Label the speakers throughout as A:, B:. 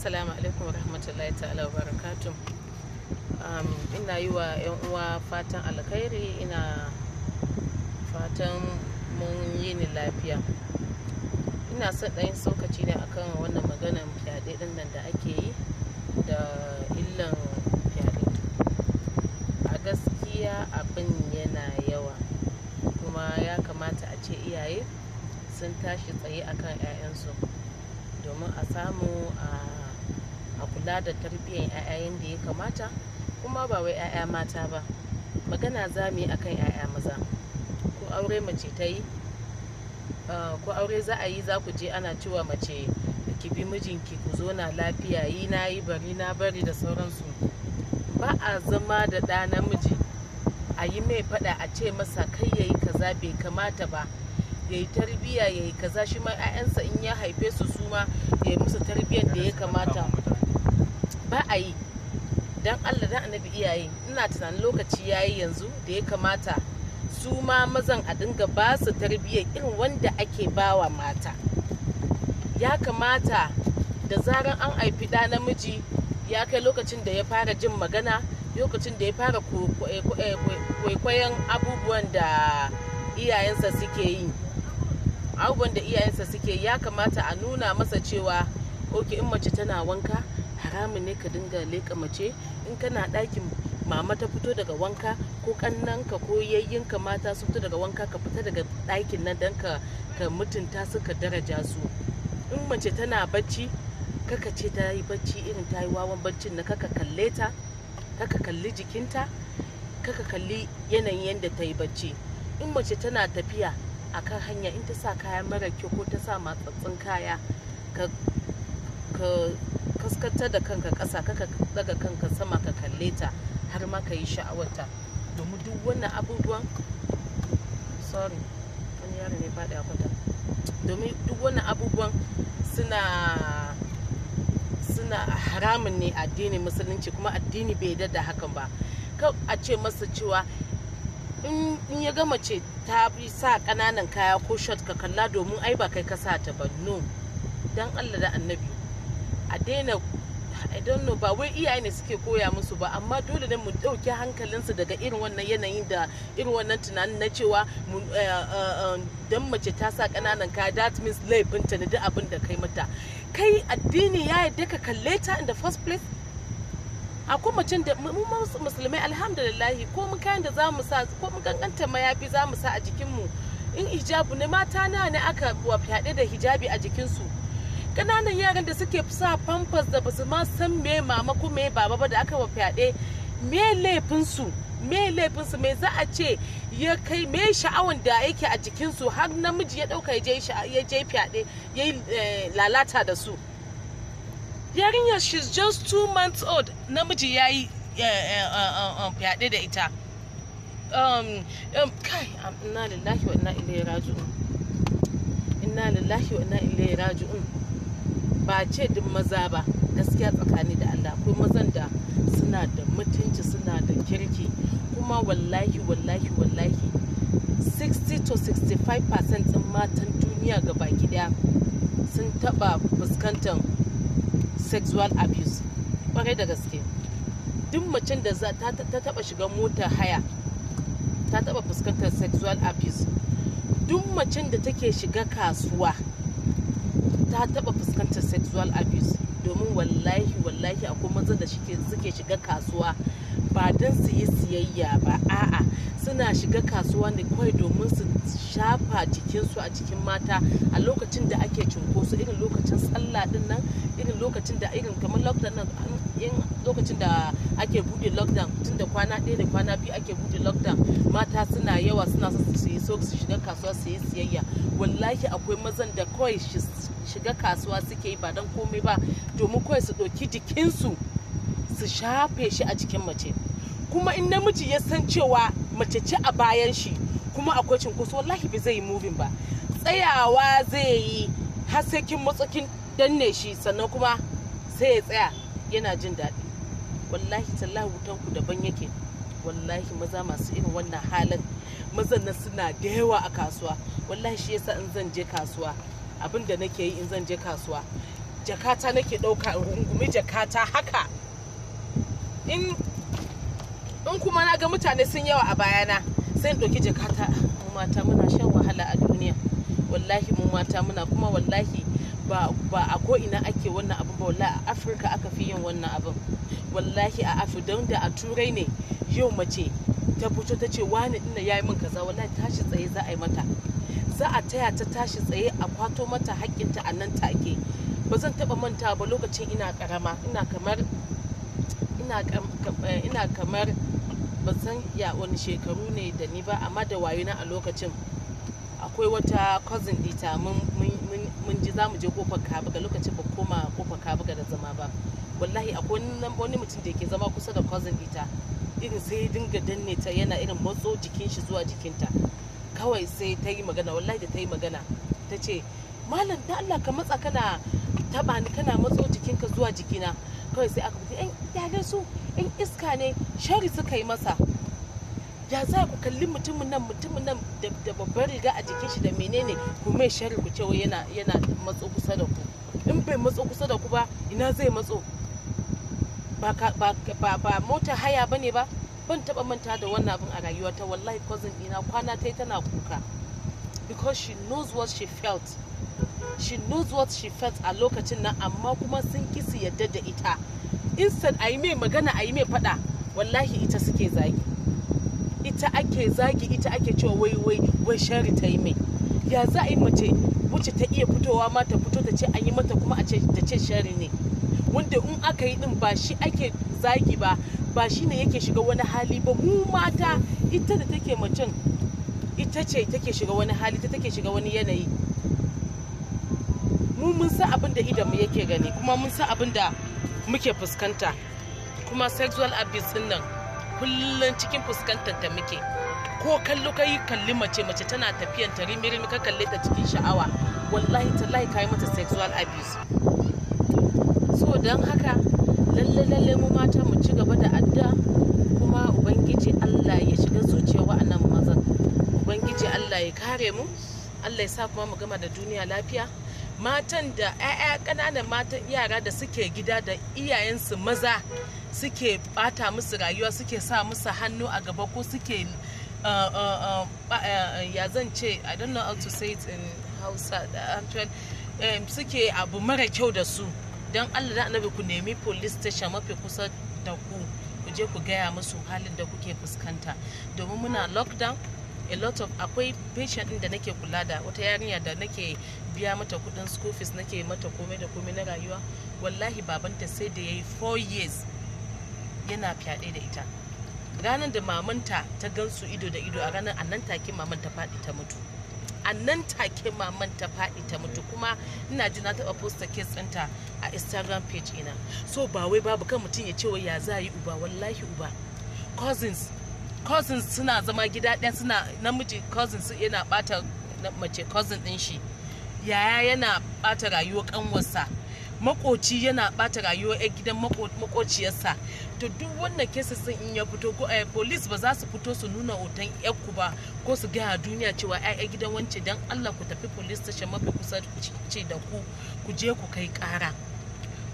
A: assalamu alaikum wa rahmatullahi ta'ala wa barakatun um, ina yi wa 'yan uwa fatan alkhairi ina fatan mun yi ni lafiya ina son ɗayin saukaci ne akan wannan maganan fyaɗe ɗin nan da ake yi da illan fyaɗe a gaskiya abin yana yawa kuma ya kamata a ce iyaye sun tashi tsaye akan 'ya'yansu domin a samu a kula da tarbiyyar 'ya'ya da ya kamata kuma ba wai 'ya'ya mata ba magana za mu yi a kan 'ya'ya maza ko aure mace ta yi ko aure za a yi za ku je ana cewa mace ki bi mijinki ku zo na lafiya yi na yi bari na bari da sauransu ba a zama da ɗa namiji a yi mai faɗa a ce masa kai ya yi kaza bai kamata ba ya yi tarbiyya ya yi kaza shi ma 'ya'yansa in ya haife su suma ya yi musu tarbiyyar da ya kamata ba a yi don allah don annabi iyaye ina tunanin lokaci ya yi yanzu da ya kamata su ma mazan a dinga ba su tarbiyyar irin wanda ake bawa mata ya kamata da zaran an haifi ɗa namiji ya kai lokacin da ya fara jin magana lokacin da ya fara eh, eh, kwaikwayon abubuwan da iyayensa suke yi abubuwan da iyayensa suke ya kamata a nuna masa cewa ok in mace tana wanka haramun ne ka dinga leƙa mace in kana ɗakin mama ta fito daga wanka ko ka, ko yayyinka mata su fito daga wanka ka fita daga ɗakin nan don ka mutunta su ka daraja su in mace tana bacci kaka ce ta yi bacci irin ta yi wawan baccin na kaka kalle ta kaka kalli jikinta kaka kalli yanayin yadda ta yi bacci in mace tana tafiya akan hanya in ta sa kaya mara kyau ko ta sa matsatsin kaya ka kaskantar da kanka ƙasa kaka daga kanka sama ka kalle ta har ma ka yi sha'awarta domin duk wannan abubuwan sorry wani yaro ne faɗi a kwata domin duk wannan abubuwan suna suna haramun ne addini musulunci kuma addini bai da da hakan ba a ce masa cewa in ya gama ce ta bi sa ƙananan kaya ko shot ka kalla domin ai ba kai ka sa ta ba no dan Allah da annabi a daina i don't know ba wai iyaye ne suke koya musu ba amma dole ne mu ɗauki hankalinsu daga irin wannan yanayin da irin wannan tunanin na cewa eh, eh, eh, dan mace ta sa kananan kaya that means laifinta ne duk abin da kai mata kai addini ya yadda ka kalle ta in the first place akwai macen da mu musulmai alhamdulillahi ko mun kayan da zamu sa ko mun kankanta mayafi zamu sa a jikinmu in hijabu ne mata na ne aka wa fyaɗe da hijabi a jikinsu kananan yaran da suke sa famfas da basu ma san me mama ko me baba ba da aka wa fyaɗe me laifinsu me su me za a ce ya kai me sha'awan da yake a jikinsu har namiji ya ɗauka ya je fyaɗe ya yi eh, lalata da su yarinya she's just two months old namiji ya yi eh, eh, fyaɗe da ita um, um, kai um, inna lillahi wa inna ilaihi raji'un inna lillahi wa inna ilaihi raji'un ba ce duk maza ba gaskiya tsakani da Allah akwai mazan da suna da mutunci suna da kirki kuma wallahi wallahi wallahi 60 to 65 percent din matan duniya ga baki daya sun taba fuskantar sexual abuse kwarai da gaske duk macen da za ta taba shiga mota haya ta taba fuskantar sexual abuse duk macen da take shiga kasuwa ta taɓa fuskantar sexual abuse domin wallahi wallahi a akwai maza da suke shiga kasuwa ba don su yi siyayya ba a'a suna shiga kasuwa ne kawai domin su shafa jikinsu a cikin mata a lokacin da ake su irin lokacin sallah din nan irin lokacin da irin kamar lockdown nan yin lokacin da ake bude lockdown tun da kwana ɗaya da kwana biyu ake bude lockdown mata suna yawa suna su yi so su shiga kasuwa su yi siyayya wallahi akwai mazan da kawai shiga kasuwa suke yi ba don komai ba domin kawai su ɗauki jikinsu su shafe shi a cikin mace kuma in namiji ya san cewa mace ce a bayan shi kuma akwai cinkoso wallahi ba zai yi moving ba tsayawa zai yi har sai kin matsa kin danne shi sannan kuma sai ya tsaya yana jin daɗi wallahi tallahi wutan ku daban yake wallahi maza masu irin wannan halin mazan nan suna da yawa a kasuwa wallahi shi yasa in zan je kasuwa abin da nake yi in zan je kasuwa jakata nake ɗauka in rungumi jakata haka in in kuma na ga mutane sun yawa a bayana sai in ɗauki jakata mata muna shan wahala a duniya wallahi mu mata muna kuma wallahi ba a ko ina ake wannan abin ba wallahi a afirka aka fi yin wannan abin wallahi a afirka don da a turai ne yau mace ta fito ta ce wani ina ya yi min kaza wallahi tashi tsaye za a yi mata za a taya ta tashi tsaye a kwato mata haƙƙinta a nan take ba zan taɓa manta ba lokacin ina kamar ina kamar ina eh, kamar ba san ya wani shekaru ne da ni ba amma da wayo na a lokacin akwai wata cousin dita mun ji za mu je kofar kabuga lokacin ba koma kofar kabuga da zama ba wallahi akwai wani mutum da ke zama kusa da cousin dita irin sai dinga danne ta yana irin matso jikin shi zuwa jikinta kawai sai ta yi magana wallahi da ta yi magana ta ce malam da Allah ka matsa kana taba ni kana matso jikinka zuwa jikina kawai sai aka fita yan su yan iska ne shari suka yi masa ya za ku kalli mutumin nan mutumin nan da babbar riga a jikin shi da menene ku mai sharri ku cewa yana yana matso kusa da ku in bai matso kusa da ku ba ina zai matso ba ba mota haya bane ba ban taba manta da wannan abin a rayuwata wallahi cousin ina kwana ta tana kuka because she knows what she felt she knows what she felt a lokacin nan amma kuma sun kisi yadda da ita instant a yi mai magana a yi mai fada wallahi ita suke zagi ita ake zagi ita ake cewa wai wai wai shari ta yi mai ya za a yi mace wacce ta iya fitowa ma ta fito ta ce an yi mata kuma a ce ta ce shari ne wanda in aka yi din ba shi ake zagi ba ba shi ne yake shiga wani hali ba mu mata ita da take macen ita ce take shiga wani hali ta take shiga wani yanayi mu mun san abin da idan mu yake gani kuma mun san abin da muke fuskanta kuma sexual abuse din nan kullum cikin fuskantar ta muke ko kallo kai kalli mace mace tana tafiyan ta rimi rimi ka kalle ta cikin sha'awa wallahi tallahi kai mata sexual abuse so dan haka lalle lalle mu mata mu ci gaba da adda kuma ubangiji Allah ya shiga zuciya wa'annan mazan ubangiji Allah ya kare mu Allah ya sa kuma mu gama da duniya lafiya matan da 'ya'ya ƙananan matan yara da suke gida da iyayensu maza suke bata musu rayuwa suke sa musu hannu a gaba ko suke uh, uh, uh, ya zan ce i don't know how to say it in hausa um, suke abu mara kyau da su don allah da annabi ku nemi police station mafi kusa da ku ku je ku gaya musu halin da kuke fuskanta domin muna lockdown a lot of akwai patient din da nake kula da wata yarinya da nake biya mata kudin school fees nake mata komai da komai na rayuwa wallahi babanta sai da yayi 4 years yana fyaɗe da ita ranar da mamanta ta gansu ido da ido a ranar annan take maman ta faɗi ta mutu annan take maman ta faɗi ta mutu kuma ina ji na taɓa posta case ɗinta a instagram page ina so ba wai babu kan mutum ya ce wai ya za yi uba wallahi uba cousins cousins suna zama gida ɗaya suna namiji cousins yana ɓata mace cousin ɗin shi yaya yana bata rayuwar kanwarsa makoci yana bata rayuwar yan gidan makociyarsa to duk wannan kesasin in ya fito ko eh, police ba za su fito su nuna hoton ku ba ko su gaya duniya cewa ai gidan wance dan Allah ku tafi police station mafi kusa ce da ku ku je ku kai kara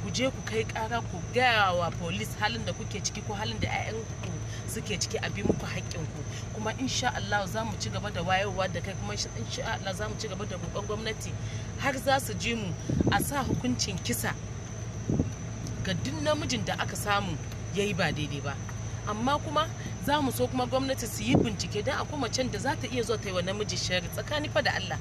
A: ku je ku kai kara ku gaya wa polis halin da kuke ciki ko halin da 'ya'yanku suke ciki a bi muku ku kuma insha Allah za mu ci gaba da wayewa da kai kuma insha Allah za mu ci gaba da roƙon gwamnati har za su ji mu a sa hukuncin kisa ga duk namijin da aka samu ya yi ba daidai ba amma kuma za mu so kuma gwamnati su yi bincike don akwai macen da za ta iya zuwa ta yi wa namiji shari tsakani fa da Allah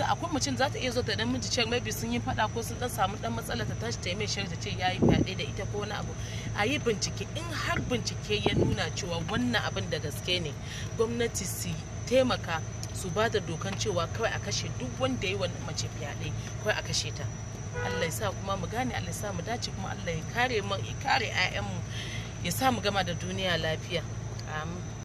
A: yanzu akwai mutum za ta iya zo ta dan miji ce maybe sun yi fada ko sun dan samu dan matsala ta tashi ta yi mai shar ta ce yayi fyaɗe da ita ko wani abu a yi bincike in har bincike ya nuna cewa wannan abin da gaske ne gwamnati su taimaka su ba da dokan cewa kawai a kashe duk wanda ya yi wani mace fyaɗe kawai a kashe ta Allah ya sa kuma mu gane Allah ya sa mu dace kuma Allah ya kare mu ya kare 'ya'yanmu ya sa mu gama da duniya lafiya amin